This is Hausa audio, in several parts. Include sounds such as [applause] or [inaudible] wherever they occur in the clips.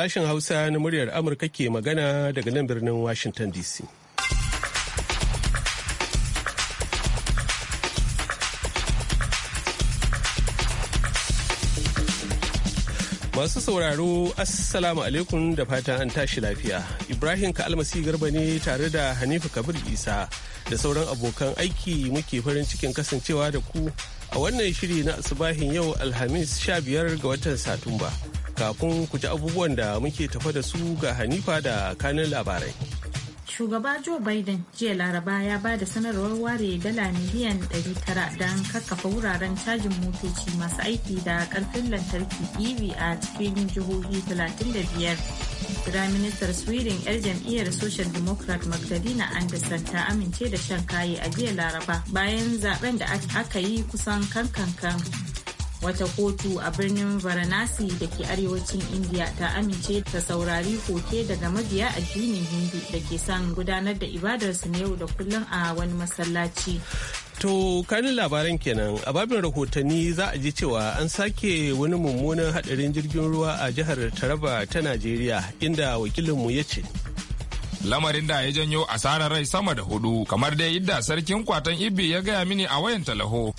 Sashen Hausa na muryar Amurka ke magana daga nan birnin Washington DC. Masu sauraro, Assalamu alaikum da fatan an tashi lafiya. Ibrahim Ka'almasi Garba ne tare da Hanifu Kabir Isa da sauran abokan aiki muke farin cikin kasancewa da ku a wannan shiri na asubahin yau Alhamis 15 ga watan Satumba. kafin ku ji abubuwan da muke tafa da su ga Hanifa da kanin labarai. Shugaba Joe Biden jiya Laraba ya ba da sanarwar ware dala miliyan 900 don kakkafa wuraren cajin motoci masu aiki da karfin lantarki EV a cikin jihohi 35. Firaministar Sweden 'yar jam'iyyar Social Democrat Magdalena Anderson ta amince da shan kayi a jiya Laraba bayan zaben da aka yi kusan kan. wata kotu a birnin varanasi da ke arewacin india ta amince ta saurari koke daga mabiya addinin hindu da ke son gudanar da ibadarsu na yau da kullum a wani masallaci To kanin labaran kenan a babin rahotanni za a ji cewa an sake wani mummunan hadarin jirgin ruwa a jihar Taraba ta Najeriya inda wakilinmu ya ce. lamarin da ya janyo asarar rai sama da hudu kamar dai yadda sarkin kwatan ibi ya gaya mini a wayan talaho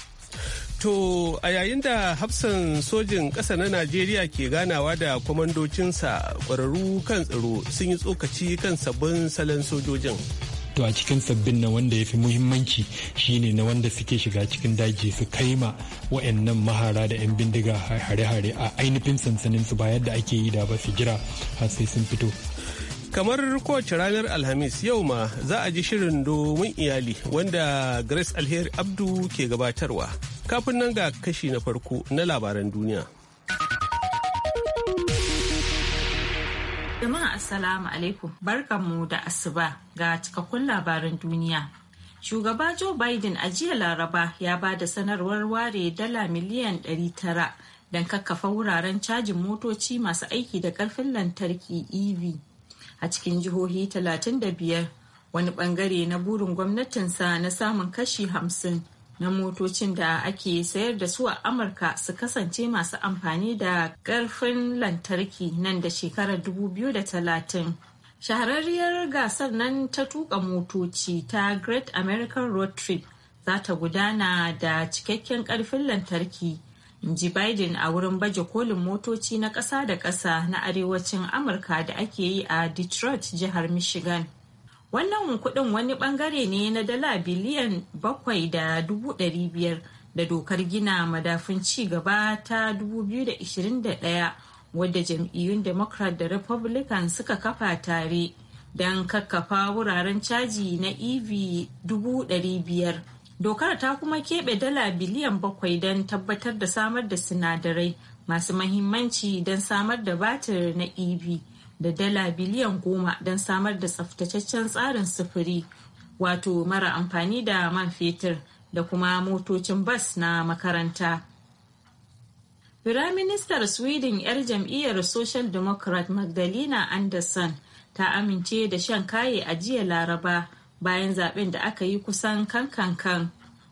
To a yayin da hafsan sojin ƙasa na Najeriya ke ganawa da kwamandocinsa ƙwararru kan tsaro sun yi tsokaci kan sabbin salon sojojin. To a cikin sabbin na wanda ya fi muhimmanci shine na wanda suke shiga cikin daji su kai ma wa'annan mahara da 'yan bindiga hare-hare a ainihin sansanin su ba yadda ake yi da ba su jira har sai sun fito. kamar kowace ranar alhamis yau ma za a ji shirin domin iyali wanda grace alheri abdu ke gabatarwa Kafin nan ga kashi na farko na labaran duniya. Jama'a Assalamu alaikum barkanmu da asuba ga cikakkun labaran duniya. Shugaba Joe Biden a jiya Laraba ya ba da sanarwar ware dala miliyan 900 don kakkafa wuraren cajin motoci masu aiki da karfin lantarki EV a cikin jihohi 35 wani bangare na burin gwamnatinsa na samun kashi hamsin. na motocin da ake sayar da su a amurka su kasance masu amfani da karfin lantarki nan da shekarar 2030 shahararriyar gasar nan ta tuka motoci ta great american road trip za ta gudana da cikakken karfin lantarki ji biden a wurin baje kolin motoci na kasa da kasa na arewacin amurka da ake yi a detroit jihar michigan wannan kuɗin wani bangare ne na dala biliyan bakwai da dubu dari biyar da dokar gina madafun ci gaba ta 2021 wadda jam'iyyun democrat da republican suka kafa tare don kakkafa wuraren caji na ev biyar dokar ta kuma keɓe dala biliyan bakwai don tabbatar da samar da sinadarai masu mahimmanci don samar da batir na ev da dala biliyan goma don samar da tsaftataccen tsarin sufuri wato mara amfani da man fetur da kuma motocin bas na makaranta. Firaministar Sweden 'yar jam'iyyar Social Democrat Magdalena Anderson ta amince da shan kaye a jiya Laraba bayan zaben da aka yi kusan kankankan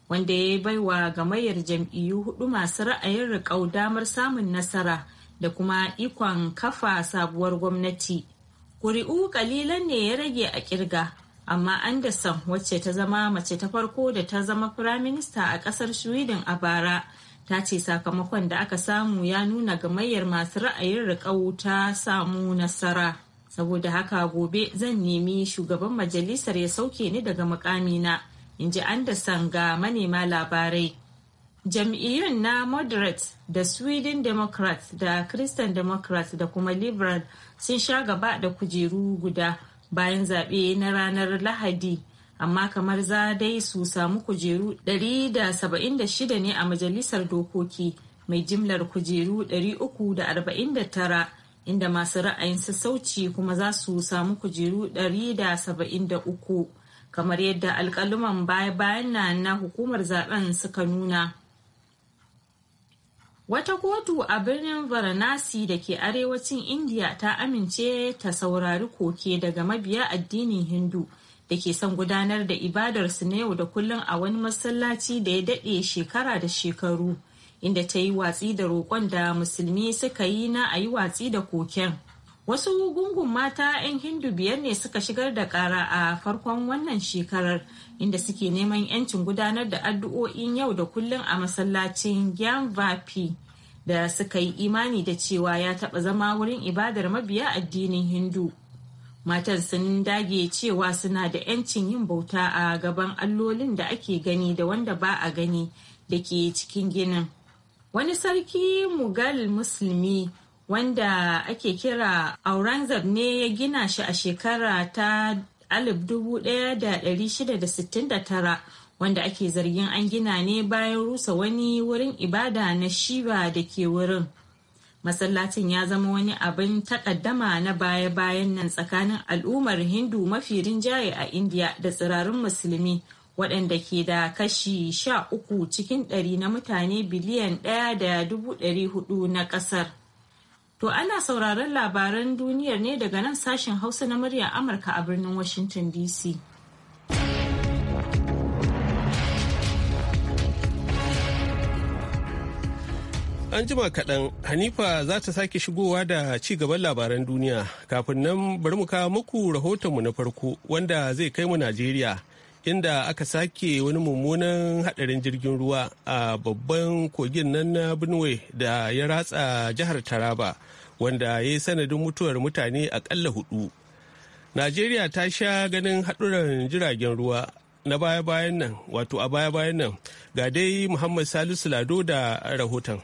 wanda ya yi baiwa gamayyar jam'iyyu hudu masu ra'ayin riƙau damar samun nasara. da kuma ikon kafa sabuwar gwamnati. Kuri'u kalilan ne ya rage a kirga, amma Anderson wacce ta zama mace ta farko da ta zama firaminista a kasar Sweden a bara, ta ce sakamakon da aka samu ya nuna gamayyar masu ra'ayin riƙau ta samu nasara. Saboda haka gobe zan nemi shugaban majalisar ya sauke ni daga mukamina, in ji Anderson ga manema labarai. jam'iyyun na moderate da sweden democrat da christian democrat da kuma liberal sun sha gaba da kujeru guda bayan zaɓe na ranar lahadi amma kamar za dai su samu kujeru 176 ne a majalisar dokoki mai jimlar kujeru 349 inda masu ra'ayin sassauci kuma za su samu kujeru 173 kamar yadda alkaluman baya-bayan na hukumar zaben suka nuna Wata kotu a birnin Varanasi da ke arewacin Indiya ta amince ta saurari koke daga mabiya addinin Hindu da ke son gudanar da ibadarsu na yau da kullum a wani masallaci da ya daɗe shekara da shekaru, inda ta yi watsi da roƙon da musulmi suka yi na a yi watsi da koken. wasu gungun mata 'yan hindu biyar ne suka shigar da kara a farkon wannan shekarar inda suke neman 'yancin gudanar da addu'o'in yau da kullum a masallacin gyan da suka yi imani da cewa ya taɓa zama wurin ibadar mabiya addinin hindu matan sun dage cewa suna da 'yancin yin bauta a gaban allolin da ake gani da wanda ba a gani da ke cikin ginin wani sarki mughal musulmi wanda ake kira Aurangzeb ne ya gina shi a shekara ta 1669 wanda ake zargin an gina ne bayan rusa wani wurin ibada na Shiva da ke wurin. Masallacin ya zama wani abin takaddama na baya-bayan nan tsakanin al'ummar Hindu mafi rinjaye a indiya da tsirarin Musulmi waɗanda ke da kashi sha uku cikin ɗari na mutane biliyan ɗaya da hudu na ƙasar. To ana sauraron labaran duniyar ne daga nan sashen Hausa na murya Amurka a birnin Washington DC. An jima kaɗan Hanifa za ta sake shigowa da ci gaban labaran duniya kafin nan bari mu kawo muku mu na farko wanda zai kai mu Najeriya inda aka sake wani mummunan hadarin jirgin ruwa a babban kogin nan na benue da ya ratsa jihar taraba wanda ya yi sanadin mutuwar mutane akalla hudu najeriya ta sha ganin haɗuran jiragen ruwa na baya-bayan nan wato a baya-bayan nan ga dai muhammad salisu lado da rahoton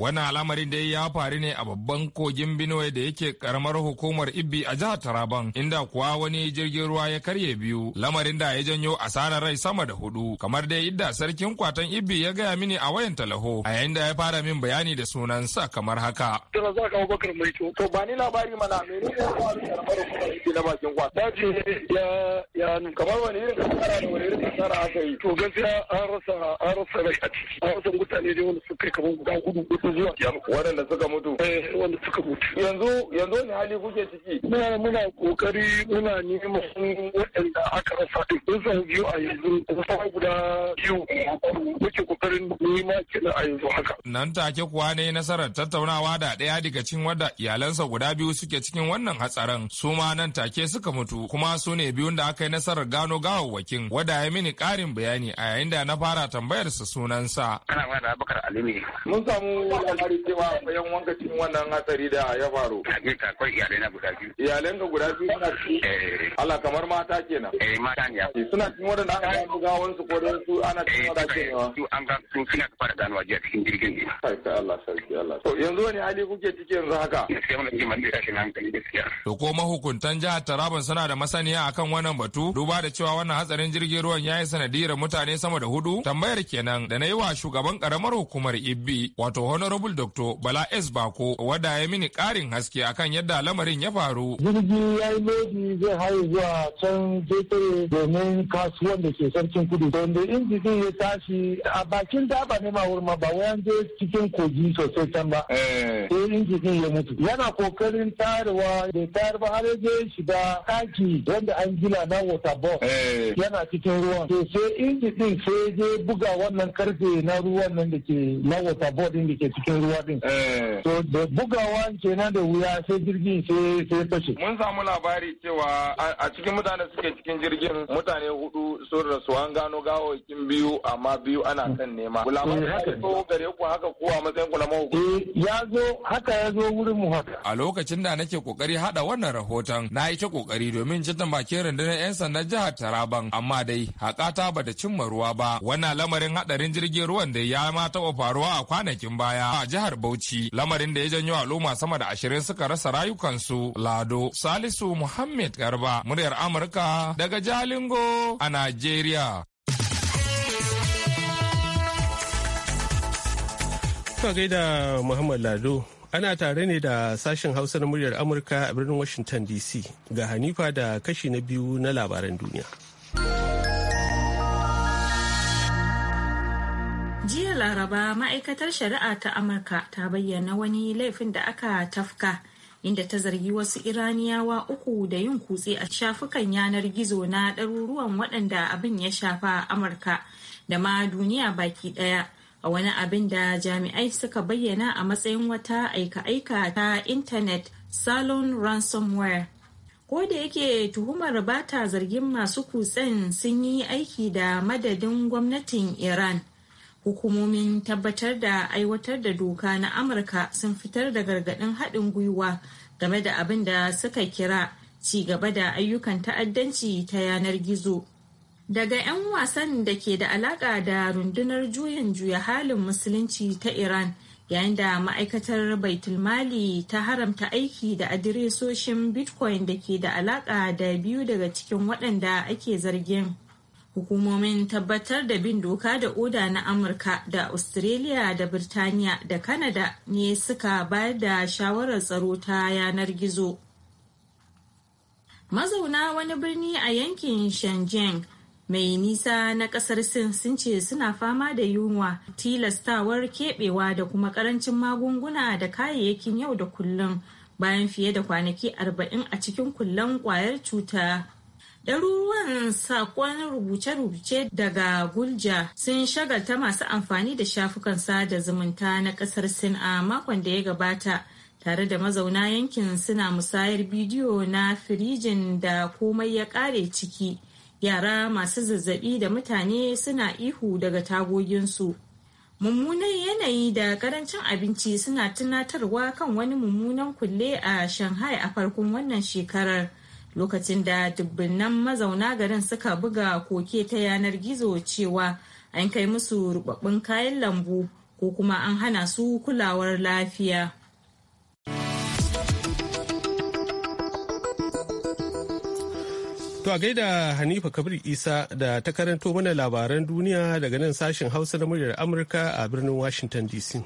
Wannan al'amarin da ya faru ne a babban kogin Benue da yake karamar hukumar Ibbi a jihar Taraban inda kuwa wani jirgin ruwa ya karye biyu lamarin da ya janyo asarar rai sama da hudu kamar dai yadda sarkin kwatan Ibbi ya gaya mini a wayan talaho a yayin da ya fara min bayani da sunan sa kamar haka. Tana za to ba ni labari mana karamar kwa. ya kamar wani irin kasara da wani irin kasara aka yi to gaskiya an rasa an rasa rai a ciki an rasa mutane da wani suka kamar guda hudu waɗanda suka mutu eh, wanda suka mutu yanzu yanzu wani hali kuke ciki muna muna kokari muna neman waɗanda aka rasa duk sun san biyu a yanzu kusan guda biyu muke kokarin nema kenan a yanzu haka nan take kuwa ne nasarar tattaunawa da ɗaya daga cikin wadda iyalansa guda biyu suke cikin wannan hatsarin su ma nan take suka mutu kuma su ne biyun da aka yi nasarar gano gawawwakin wadda ya mini ƙarin bayani a yayin da na fara tambayarsa sunansa. Ana magana da Abubakar Ali ne. Mun samu labari cewa bayan cikin wannan hatsari da ya faru. iyalai na kamar mata kenan. Eh, mata ne. Suna cikin wadanda aka gano gawan su ko su ana eh, Su an ka Allah wani hali kuke ciki yanzu haka? mun ji mun gaskiya. To ko mahukuntan jihar Taraban suna da masaniya akan wannan batu duba da cewa wannan hatsarin jirgin ruwan ya yi sanadiyar mutane sama da hudu tambayar kenan da na yi wa shugaban karamar hukumar Ibbi wato Honor honorable dr bala s bako wada ya mini karin haske akan yadda lamarin ya faru jirgi ya yi lodi zai haye zuwa can jefere domin kasuwan da ke sarkin kudu wanda inji zai ya tashi a bakin daba ne ma wurma ba wayan je cikin kogi sosai can ba eh. sai inji zai ya mutu yana kokarin tarewa da tayar ba har je shiga daki wanda an gina na water box eh. yana cikin ruwan to sai inji din sai je buga wannan karfe na ruwan nan da ke na water din da ke cikin ruwa din so eh. da bugawa kenan da wuya sai jirgin sai sai fashe mun samu labari cewa a cikin mutane suke cikin jirgin mutane hudu sun rasu an gano gawakin biyu amma biyu ana kan nema gulaman eh, haka so gare ku haka ko a matsayin eh, ya zo haka ya zo wurin mu haka a lokacin da nake kokari hada wannan rahoton na yi ta kokari domin jin bakin rundunar yan sandan jihar Taraban amma dai hakata bata cimma ruwa ba wannan lamarin hadarin jirgin ruwan da ya ma taɓa faruwa a kwanakin baya baya a jihar Bauchi lamarin da ya janyo al'umma sama da ashirin suka rasa rayukansu Lado Salisu Muhammad Garba muryar Amurka daga Jalingo a Najeriya. Kuka gaida Muhammad Lado ana tare ne da sashen hausa na muryar amurka a birnin washington dc ga hanifa da kashi na biyu na labaran duniya. Laraba ma'aikatar shari'a ta Amurka ta bayyana wani laifin da aka tafka inda ta zargi wasu Iraniyawa uku da yin kutse a shafukan yanar gizo na ɗaruruwan waɗanda abin ya shafa a Amurka da ma duniya baki ɗaya a wani abin da jami'ai suka bayyana a matsayin wata aika-aika ta intanet salon ransomware. ko da yake tuhumar bata zargin masu kutsen sun yi aiki da madadin gwamnatin iran Hukumomin tabbatar da aiwatar da doka na Amurka sun fitar da gargaɗin haɗin gwiwa game da abin da suka kira ci gaba da ayyukan ta'addanci ta yanar gizo. Daga 'yan wasan da ke da alaƙa da rundunar juyin juya halin musulunci ta Iran yayin da ma'aikatar Baitulmali ta haramta aiki da adiresoshin Bitcoin da ke da alaƙa da biyu daga cikin waɗanda ake zargin. hukumomin tabbatar da bin doka da oda na amurka da australia da birtaniya da canada ne suka bayar da shawarar tsaro ta yanar gizo mazauna wani birni a yankin shenzhen mai nisa na kasar sin sun ce suna fama da yunwa tilastawar kebewa da kuma karancin magunguna da kayayyakin yau da kullum bayan fiye da kwanaki 40 a cikin kullan kwayar cuta Ɗaruruwan saƙon rubuce-rubuce daga Gulja sun shagalta masu amfani da shafukan sada zumunta na ƙasar Sin a makon da ya gabata. tare da mazauna yankin suna musayar bidiyo na firijin da komai ya ƙare ciki yara masu zazzabi da mutane suna ihu daga tagoginsu mummunan yanayi da karancin abinci suna tunatarwa kan wani mummunan kulle a shanghai a farkon wannan shekarar lokacin da dubbinan mazauna garin suka buga koke ta yanar gizo cewa an kai musu rubabbin kayan lambu ko kuma an hana su kulawar lafiya. To a gaida Hanifa Kabir Isa da ta karanto mana labaran duniya daga nan sashen Hausa na muryar Amurka a birnin Washington DC.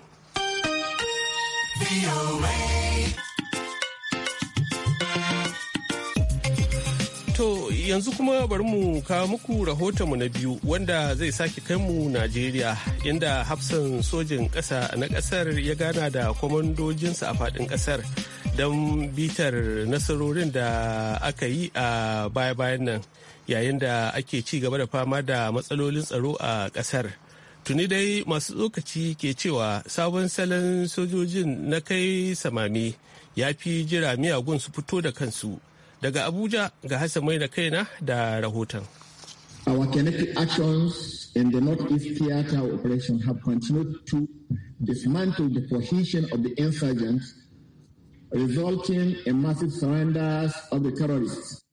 To yanzu kuma bari mu kawo muku mu na biyu wanda zai sake kai mu Najeriya inda hafsan sojin ƙasa na ƙasar ya gana da kwamandojinsa a faɗin ƙasar don bitar nasarorin da aka yi a baya-bayan nan yayin da ake ci gaba da fama da matsalolin tsaro a ƙasar. tuni dai masu tsokaci ke cewa sabon salon sojojin na kai samami ya fi jira miyagun su fito da kansu Daga Abuja ga Hassan mai da kaina da rahoton. Our kinetic actions in the Northeast Theater operation have continued to dismantle the cohesion of the insurgents, resulting in massive surrenders of the terrorists.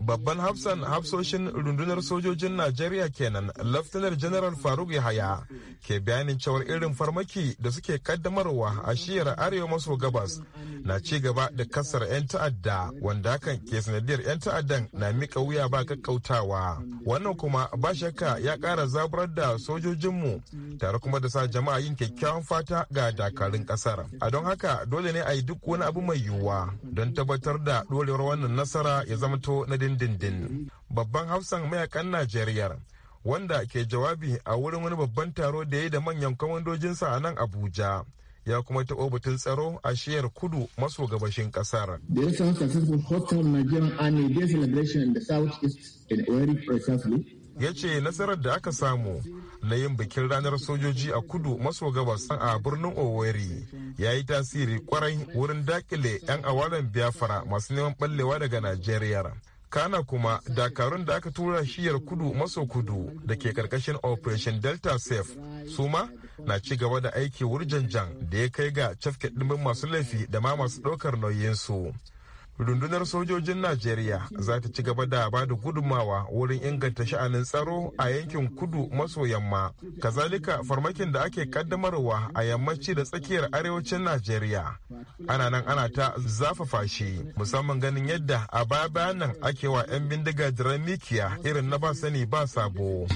babban hafsan hafsoshin rundunar sojojin najeriya kenan laftanar general faruk yahaya ke bayanin cewar irin farmaki da suke kaddamarwa a shiyar arewa maso gabas na ci gaba da kasar 'yan ta'adda wanda hakan ke sanadiyar 'yan ta'addan na mika wuya ba kakkautawa wannan kuma ba shakka ya kara zaburar da sojojinmu tare kuma da sa jama'a yin kyakkyawan fata ga dakarun kasar a don haka dole ne a yi duk wani abu mai yiwuwa don tabbatar da dorewar wannan nasara ya zama zamanto na dindindin babban hafsan mayakan najeriya wanda ke jawabi a wurin wani babban taro da ya yi da manyan kwamandojinsa a nan abuja ya kuma taɓo batun tsaro a shiyar kudu maso gabashin ƙasar. The election successful Nigerian Army Day celebration in the east in Owerri precisely. ya ce nasarar da aka samu na yin bikin ranar sojoji a kudu maso gabas a birnin oweri ya yi tasiri kwarai wurin dakile 'yan awalan biafra masu neman ɓallewa daga najeriya kana kuma dakarun da aka tura shiyar kudu maso kudu da ke karkashin operation delta safe su ma na ci gaba da aiki wurjanjan da ya kai ga cafke dimbin masu laifi da ma masu ɗaukar nauyinsu rundunar sojojin najeriya za ta ci gaba da ba da gudummawa wurin inganta sha'anin tsaro a yankin kudu maso yamma kazalika farmakin da ake kaddamarwa a yammaci da tsakiyar arewacin najeriya ana nan ana ta zafafa shi musamman ganin yadda a baya bayan nan ake wa 'yan bindiga diramikiya irin na ba sani ba sabo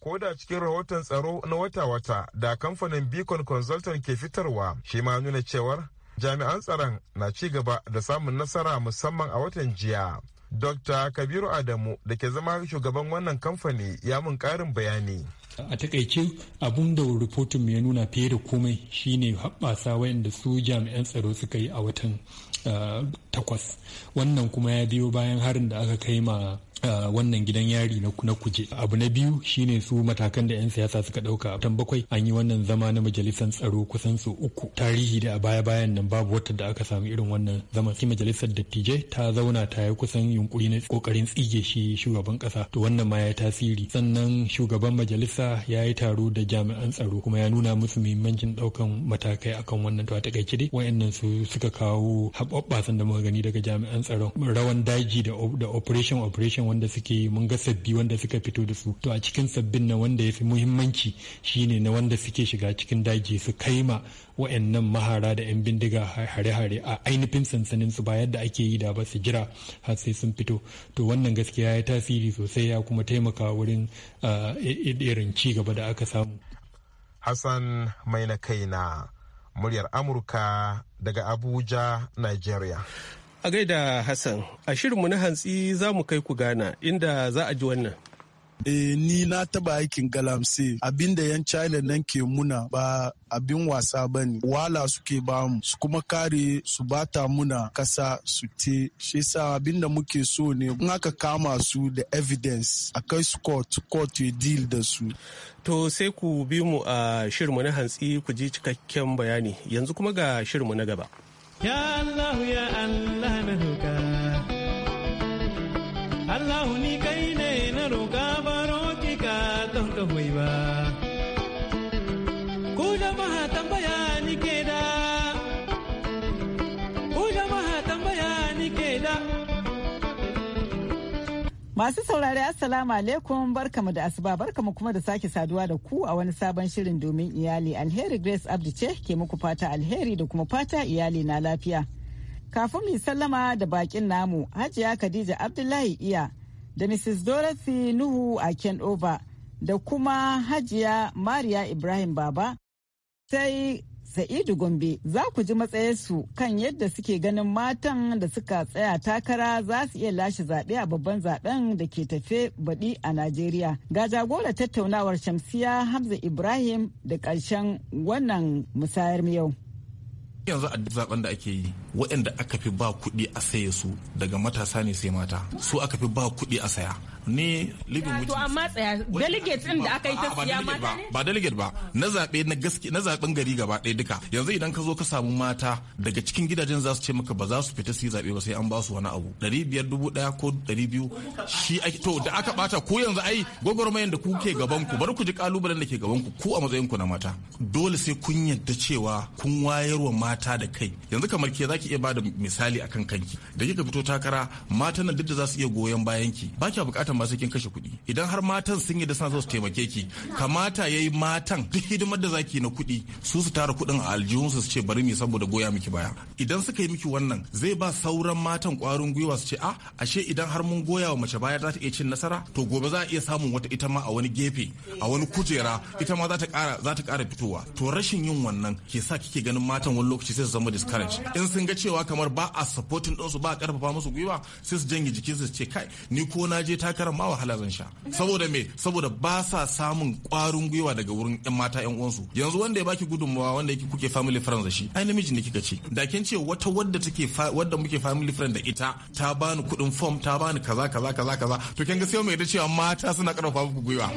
ko da cikin rahoton tsaro na wata-wata da kamfanin beacon consultant ke fitarwa shi ma nuna cewar jami'an tsaron na ci gaba da samun nasara musamman a watan jiya dr kabiru adamu da ke zama shugaban wannan kamfani ya mun karin bayani a takaice abun da rahoton ya nuna fiye da komai shine haɓasa wayanda su jami'an tsaro suka yi a watan ah, takwas wannan kuma ya biyo bayan harin da aka kai ma wannan gidan yari na kuje abu na biyu shine su matakan da 'yan siyasa suka dauka tan bakwai an yi wannan zama na majalisar tsaro kusan su uku tarihi da a baya bayan nan babu wata da aka samu irin wannan zama sai majalisar dattijai ta zauna ta yi kusan yunkuri na kokarin tsige shi shugaban kasa to wannan ma ya tasiri sannan shugaban majalisa ya yi taro da jami'an tsaro kuma ya nuna musu muhimmancin daukan matakai akan wannan to a takaice dai wayannan su suka kawo haɓaɓɓasan da muka gani daga jami'an tsaron rawan daji da operation operation wanda suke mun ga sabbi wanda suka fito da su to a cikin sabbin na wanda ya fi muhimmanci shine na wanda suke shiga cikin daji su kai ma wa'annan mahara da 'yan bindiga hare-hare a ainihin sansanin su ba da ake yi da ba su jira har sai sun fito to wannan gaskiya ya tasiri sosai ya kuma taimaka wurin irin ci gaba da aka samu hassan mai na kai na muryar amurka daga abuja nigeria A gaida Hassan, a shirinmu na hantsi za mu kai ku gana inda za a ji wannan. e ni na taba aikin galamse abinda yan china nan ke muna ba abin wasa ba ne wala suke bamu su kuma kare su bata muna kasa su te shi sa abinda muke so ne in aka kama su da evidence a kai su court court ya deal da su to sai ku bi mu a shirmu na hantsi ku ji cikakken bayani yanzu kuma ga shirmu na gaba Ya Allah ya Allah na roƙa. Allah ni kai Masu saurari Assalamu alaikum barkamu da asuba barkamu kuma da sake saduwa da ku a wani sabon shirin domin iyali alheri Grace Abdi ce ke muku fata alheri da kuma fata iyali na lafiya. Kafin mu sallama da bakin namu Hajiya Khadija Abdullahi Iya da Mrs. Dorothy Nuhu a Kenova da kuma Hajiya Mariya Ibrahim Baba sai Sa'idu Gombe za ku ji matsayarsu kan yadda suke ganin matan da suka tsaya takara za su iya lashe zaɓe a babban zaɓen da ke tafe baɗi a Najeriya. Ga jagorar tattaunawar Shamsiya Hamza Ibrahim da ƙarshen wannan musayar yau. yanzu a zaben da ake yi waɗanda aka fi ba kuɗi a saye su daga matasa ne sai mata su aka fi ba kuɗi a saya ni living with to amma tsaya delegate din da aka yi tafiya mata ne ba delegate ba na zabe na gaske na zaben gari gaba ɗaya duka yanzu idan ka zo ka samu mata daga cikin gidajen za su ce maka ba za su fita su yi zabe ba sai an ba su wani abu ɗari biyar dubu ɗaya ko ɗari biyu shi to da aka bata ko yanzu ai gwagwarmayan da kuke gaban ku bari ku ji kalubalen da ke gaban ku ku a matsayin ku na mata dole sai kun yadda cewa kun wayarwa mata mata da kai yanzu kamar ke zaki iya bada misali akan kanki da kika fito takara matan nan duk da za su iya goyon bayan ki ba kya bukatan ba kin kashe kuɗi idan har matan sun yi da suna so su taimake ki kamata yayi matan duk hidimar da zaki na kuɗi su su tara kuɗin a aljihun su ce bari mi saboda goya miki baya idan suka yi miki wannan zai ba sauran matan kwarin gwiwa su ce a ah, ashe idan har mun goya wa mace baya za ta iya cin nasara to gobe za a iya samun wata ita ma a wani gefe a wani kujera ita ma za ta kara fitowa to rashin yin wannan ke sa kike ganin matan wani lokaci lokaci sai su zama discourage in sun ga cewa kamar ba a supporting ɗinsu ba a karfafa musu gwiwa sai su janye jikin su ce kai ni ko na je takarar ma wahala zan sha saboda me saboda ba sa samun ƙwarin gwiwa daga wurin yan mata yan uwansu yanzu wanda ya baki gudunmawa wanda yake kuke family friends da shi ai namiji ne kika ce da kin ce wata wadda take wadda muke family friend da ita ta bani kuɗin form ta bani kaza kaza kaza kaza to kin ga sai mai da cewa mata suna karfafa muku gwiwa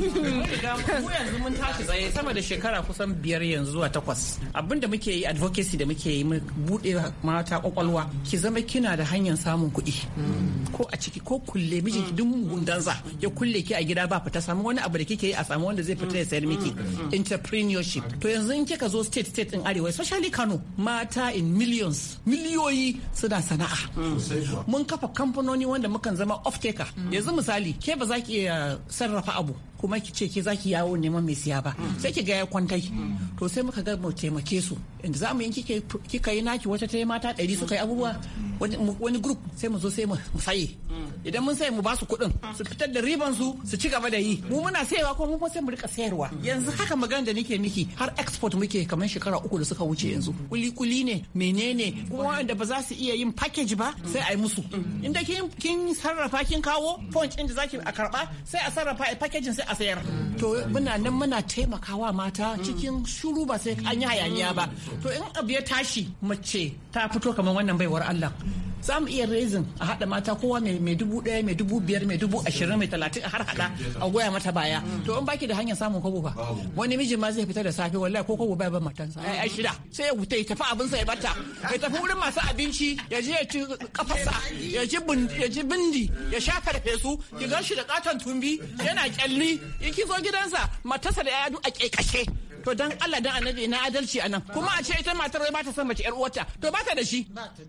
yanzu mun tashi tsaye sama da shekara kusan biyar yanzu zuwa takwas abinda muke yi advocacy da muke yi bude mata kwakwalwa ki zama kina da hanyar samun kuɗi ko a ciki ko kulle miji duk gundanza ya kulle ki a gida ba fita samu wani abu da kike yi a samu wanda zai fita ya sayar miki entrepreneurship to yanzu in kika zo state state in arewa especially Kano mata in millions miliyoyi suna sana'a mun kafa kamfanoni wanda mukan zama off taker yanzu misali ke ba za ki iya sarrafa abu kuma ki ce ki zaki yawo neman mai siya ba mm. sai ki ga ya kwantai mm. to sai muka ga mu taimake su inda za mu yi kika yi naki wata ta mata ɗari suka yi abubuwa mm. wani group sai mu zo sai mu saye idan mun saye mu ba su kuɗin su fitar da riban su su ci gaba da yi mu muna sayewa ko mu sai mu rika sayarwa yanzu haka magana da nake miki har export muke kamar shekara uku da suka wuce yanzu kuli kuli ne menene kuma wanda ba za su iya yin package ba sai a yi musu inda kin sarrafa kin kawo point inda zaki a karba sai a sarrafa a packaging sai a sayar to muna nan muna taimakawa mata cikin shuru ba sai an yi hayaniya ba to in abu ya tashi mace ta fito kamar wannan baiwar Allah za mu iya raisin a haɗa mata kowa mai dubu ɗaya mai dubu biyar mai dubu ashirin mai talatin har haɗa a goya mata baya to in baki da hanyar samun kobo ba wani miji ma zai fita da safe wallahi ko kobo bai ban matansa ai shida sai ya wuta ya tafi abin sa ya bata ya tafi wurin masu abinci ya je ya ci kafasa ya ji ya ji bindi ya sha su ki gan shi da katon tumbi yana kyalli in ki zo gidansa matarsa da ya a kekashe to dan Allah dan annabi na adalci anan kuma a ce ita matar wai ba ta san mace yar uwarta to ba ta da shi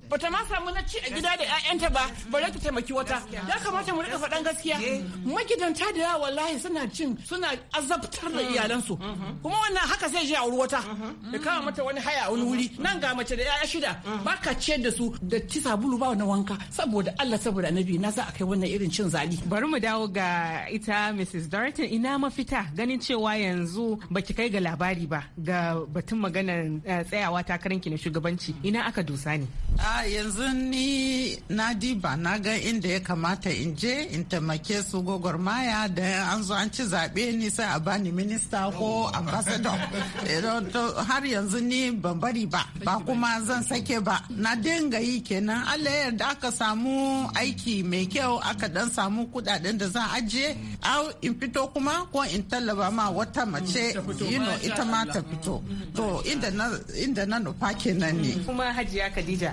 ba ta ma samu na ci a gida da ƴaƴanta ba ba za ta taimaki wata ya kamata mu rika faɗan gaskiya eh. magidanta da yawa wallahi suna cin suna azabtar da iyalansu mm-hmm. Mm-hmm. kuma wannan haka zai je a wata da mm-hmm. kama mata wani haya wani wuri nan ga mace da ƴaƴa shida ba ka ce da su da ci sabulu ba na wanka saboda Allah saboda annabi na za a kai wannan irin cin zali bari mu dawo ga ita Mrs. Dorothy ina mafita ganin cewa yanzu baki kai ga labar. labari ba ga batun maganar eh, tsayawa takaranki na shugabanci ina aka dosa ne a yanzu ni na diba na ga inda ya kamata in je in taimake su gwagwarmaya da an zo an ci zaɓe ni sai a bani minista ko ambassador eh, har yanzu ni ban bari ba ba kuma zan sake ba na dinga yi kenan allah yarda aka samu aiki mai kyau aka dan samu kuɗaɗen da za a ajiye in fito kuma ko in tallaba ma wata mace mm. ita ma ta fito to inda na nufa kenan ne kuma hajiya khadija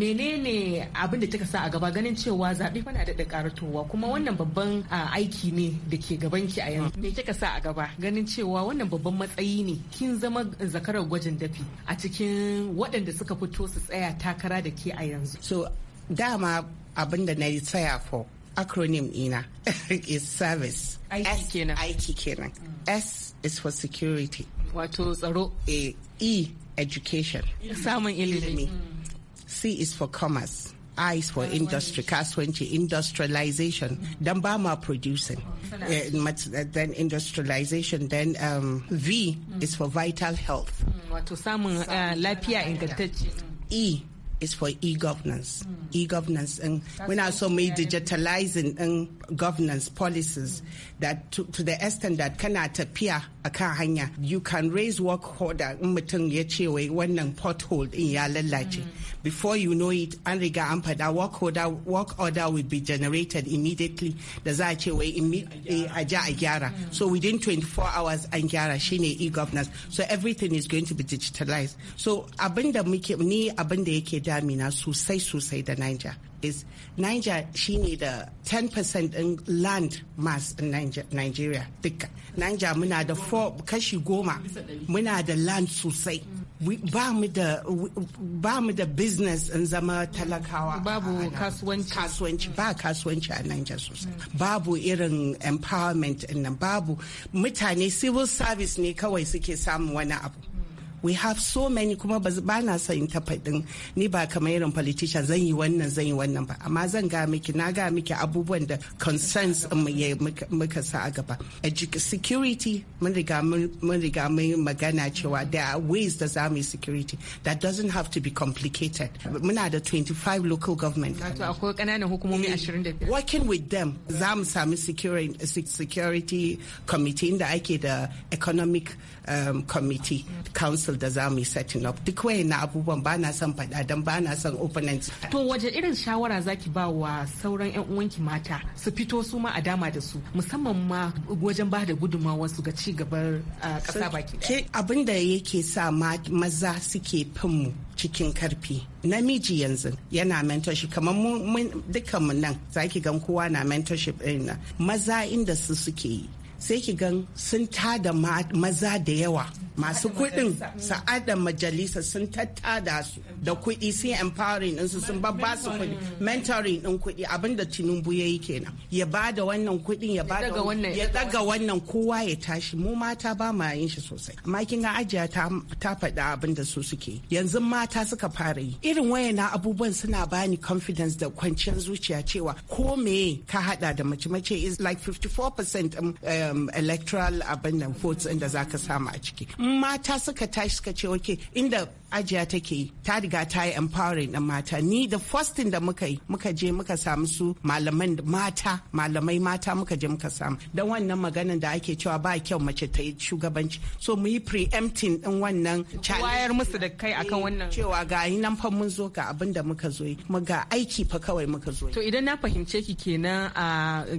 menene abin da kika sa a gaba ganin cewa zaɓe fana da karatuwa kuma wannan babban aiki ne da ke gaban ki a yanzu me kika sa a gaba ganin cewa wannan babban matsayi ne kin zama zakarar gwajin dafi a cikin waɗanda suka fito su tsaya takara da ke a yanzu so dama abin da na yi tsaya for acronym ina [laughs] is service aiki kenan aiki kenan hmm. s is for security wato tsaro eh, e, education samun ilimi c is for commerce I is for industry kasuwanci industrialization hmm. don ba ma producing eh, then industrialization then um, v hmm. is for vital health wato samun eh, lafiya ingantacce e is for e-governance. Mm. E-governance and muna so mu digitalizing in um, governance policies mm. that to, to the extent that kana appear. a kan hanya you can raise work order in mutum ya ce wai wannan pothole din ya lallace before you know it an riga an fada work order work order will be generated immediately da za a ce wai eh, a ja a gyara so within 24 hours an gyara shine e-governance so everything is going to be digitalized so abinda muke ni abinda yake damina sosai sosai da Niger is niger shine da 10% din land mass in nigeria duka niger muna da kashi goma muna da land sosai ba mu da business in zama talakawa babu kasuwanci kasuwanci ba kasuwanci a Niger sosai babu irin empowerment nan babu mutane civil service ne kawai suke samun wani abu we have so many kuma ba na son in faɗin ni ba kamar irin politician zan yi wannan zan yi wannan ba amma zan ga miki na ga miki abubuwan da concerns muka sa a gaba security mun riga mun riga mun magana cewa there are ways da za mu yi security that doesn't have to be complicated muna da 25 local government wato akwai kananan hukumomi 25 eh, working with them za mu sami security committee inda ake da economic um, committee council council da za mu yi setting up duk na abubuwan ba na son faɗa don ba na son opponents. To waje irin shawara zaki ba wa sauran 'yan uwanki mata su fito su ma a dama da su musamman ma wajen ba da gudumawa su ga ci gabar ƙasa baki ɗaya. Abin da yake sa maza suke fin mu cikin karfi namiji yanzu yana mentorship kamar mu nan nan zaki gan kowa na mentorship ɗin maza inda su suke yi sai ki gan sun tada maza da yawa masu kuɗin hmm. sa'adar majalisa sun tattada su da kuɗi sun empowering ɗinsu sun babba su kuɗi mentoring ɗin kuɗi abinda tinubu ya yi kenan ya ba da wannan kuɗin ya ba ya daga wannan kowa ya tashi mu mata ba ma yin shi sosai amma kin ga ajiya ta faɗa abinda su suke yanzu mata suka fara yi irin wayana abubuwan suna bani confidence da kwanciyar zuciya cewa ko me ka hada da mace mace is like 54% um, eh, Um, electoral abin nan votes inda za ka samu a ciki mata suka tashi suka ce oke inda ajiya take yi ta riga ta yi empowering ɗan mata ni da first thing da muka yi muka je muka samu su malaman mata malamai mata muka je muka samu don wannan maganan da ake cewa ba kyau mace ta yi shugabanci so mu yi preempting din wannan wayar musu da kai akan eh, wannan cewa ga yi nan fa mun zo ga abin da muka zo yi kuma ga aiki fa kawai muka zo yi to idan na fahimce ki kenan a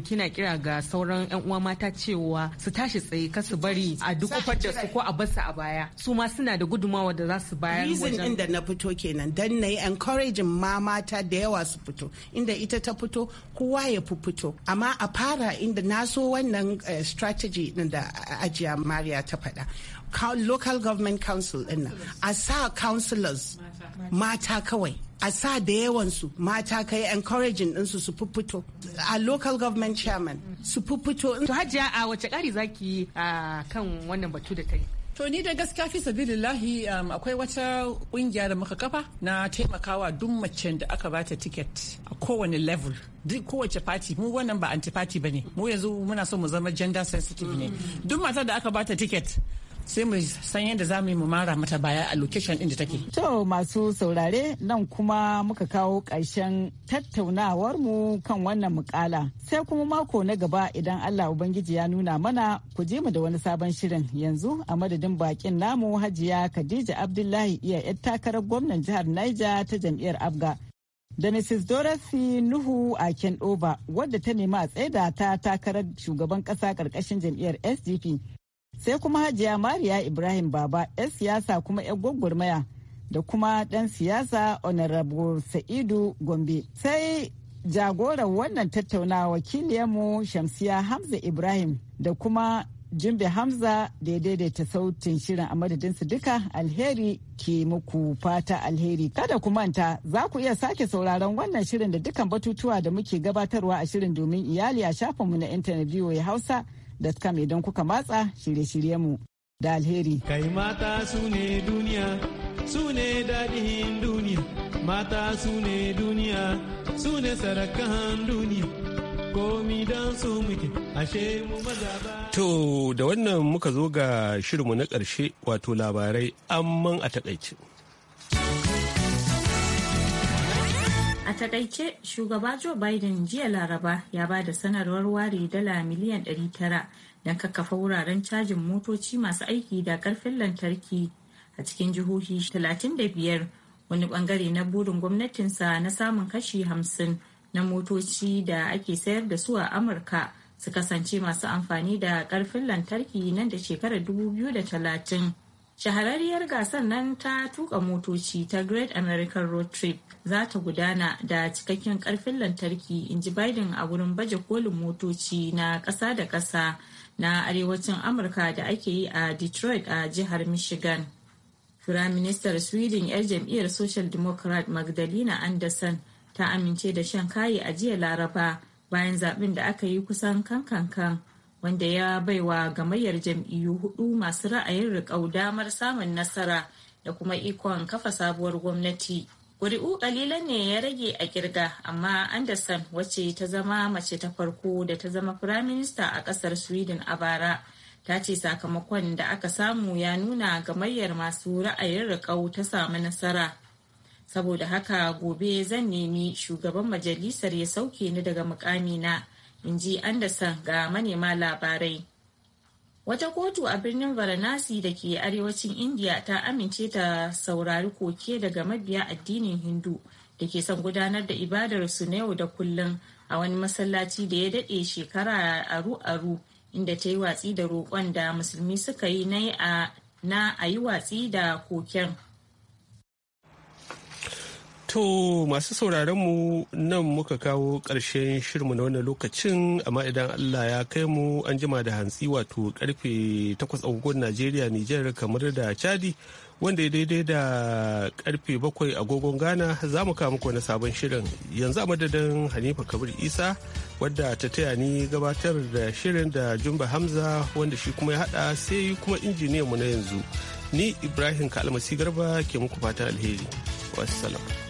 kina kira ga sauran yan uwa mata cewa su tashi tsaye kasu bari a duk da su ko a basu a baya su ma suna da gudumawa da za su bayar reason din da na fito kenan dan na yi encouraging ma mata da yawa su fito inda ita ta fito kowa ya fi fito amma a fara inda na so wannan eh, strategy din da ajiya mariya ta faɗa local government council din a sa councillors mata kawai a sa da yawansu mata ka yi encouraging ɗinsu su fito a local government chairman su fito. To hajiya a wace ƙari zaki a kan wannan batu da ta yi? To ni da gaskiya fi sabilillahi um, akwai wata kungiya da muka kafa na taimakawa duk macen da aka bata tiket a kowane level duk kowace party mu wannan ba anti party bane mu yanzu muna so mu zama gender sensitive ne mm. duk mata da aka bata tiket sai mu san yadda za mu yi mara mata baya a location din da take. To masu saurare nan kuma muka kawo ƙarshen tattaunawar mu kan wannan mukala. Sai kuma mako na gaba idan Allah Ubangiji ya nuna mana ku je mu da wani sabon shirin yanzu a madadin bakin namu Hajiya Khadija Abdullahi iya yar takarar gwamnan jihar Niger ta jam'iyyar Abga. Da Mrs. Dorothy Nuhu a Oba wadda ta nemi a tsaida ta takarar shugaban ƙasa ƙarƙashin jam'iyyar SDP sai kuma hajiya mariya ibrahim baba 'yan siyasa kuma 'yan gwagwarmaya da kuma ɗan siyasa honorable sa'idu gombe sai jagoran wannan tattaunawa wakiliyarmu shamsiya hamza ibrahim da kuma jimbe hamza da ya daidaita sautin shirin a madadinsu duka alheri ke muku fata alheri kada ku manta za ku iya sake sauraron wannan shirin da dukan batutuwa da muke gabatarwa a shirin domin iyali a shafinmu na intanet ya hausa voa.com idan kuka matsa shirye-shiryenmu da alheri. Kai mata su ne duniya, su ne daɗin duniya, mata su ne duniya, su ne sarakan duniya. Komi don su muke, ashe mu maza ba. To, da wannan muka zo ga shirinmu na ƙarshe wato labarai, amman a taƙaice. A takaice, shugaba Joe Biden jiya Laraba ya ba da sanarwar ware dala miliyan 900 don kakkafa wuraren cajin motoci masu aiki da karfin lantarki a cikin jihohi 35 wani bangare na burin gwamnatinsa na samun kashi 50 na motoci da ake sayar da su a Amurka su kasance masu amfani da karfin lantarki nan da shekarar 2030. shahararriyar gasar nan ta tuka motoci ta great american road trip za ta gudana da cikakken karfin lantarki in ji biden a wurin baje kolin motoci na kasa da kasa na arewacin amurka da ake yi a detroit a jihar michigan firaministar sweden yar jam'iyyar social democrat magdalena anderson ta amince da shan kayi a jiya laraba bayan zaben da aka yi kusan kankankan wanda ya baiwa gamayyar jam'iyyu hudu masu ra'ayin riƙau damar samun nasara da kuma ikon kafa sabuwar gwamnati. Ƙuri'u ƙalilan ne ya rage a kirga amma Anderson wacce ta zama mace ta farko da ta zama firaminista a ƙasar Sweden a bara. Ta ce sakamakon da aka samu ya nuna gamayyar masu ra'ayin riƙau ta samu nasara. Saboda haka gobe zan nemi shugaban majalisar ya sauke ni daga mukamina in ji Anderson ga manema labarai. Wata kotu a birnin Varanasi da ke arewacin India ta amince ta saurari koke daga mabiya addinin Hindu da ke son gudanar da ibadarsu na yau da kullum a wani masallaci da ya daɗe shekara aru-aru inda ta yi watsi da roƙon da musulmi suka yi na a yi watsi da koken. To masu mu nan muka kawo ƙarshen shirmu na wannan lokacin amma idan Allah ya kai mu an jima da hantsi wato karfe 8 agogon Najeriya Nijar kamar da Chadi wanda ya daidai da karfe 7 agogon Ghana za mu kawo muku na sabon shirin yanzu a madadin Hanifa Kabir Isa wadda ta taya ni gabatar da shirin da Jumba Hamza wanda shi kuma ya hada sai kuma injiniyan mu na yanzu ni Ibrahim Kalmasi Garba ke muku fatan alheri wassalam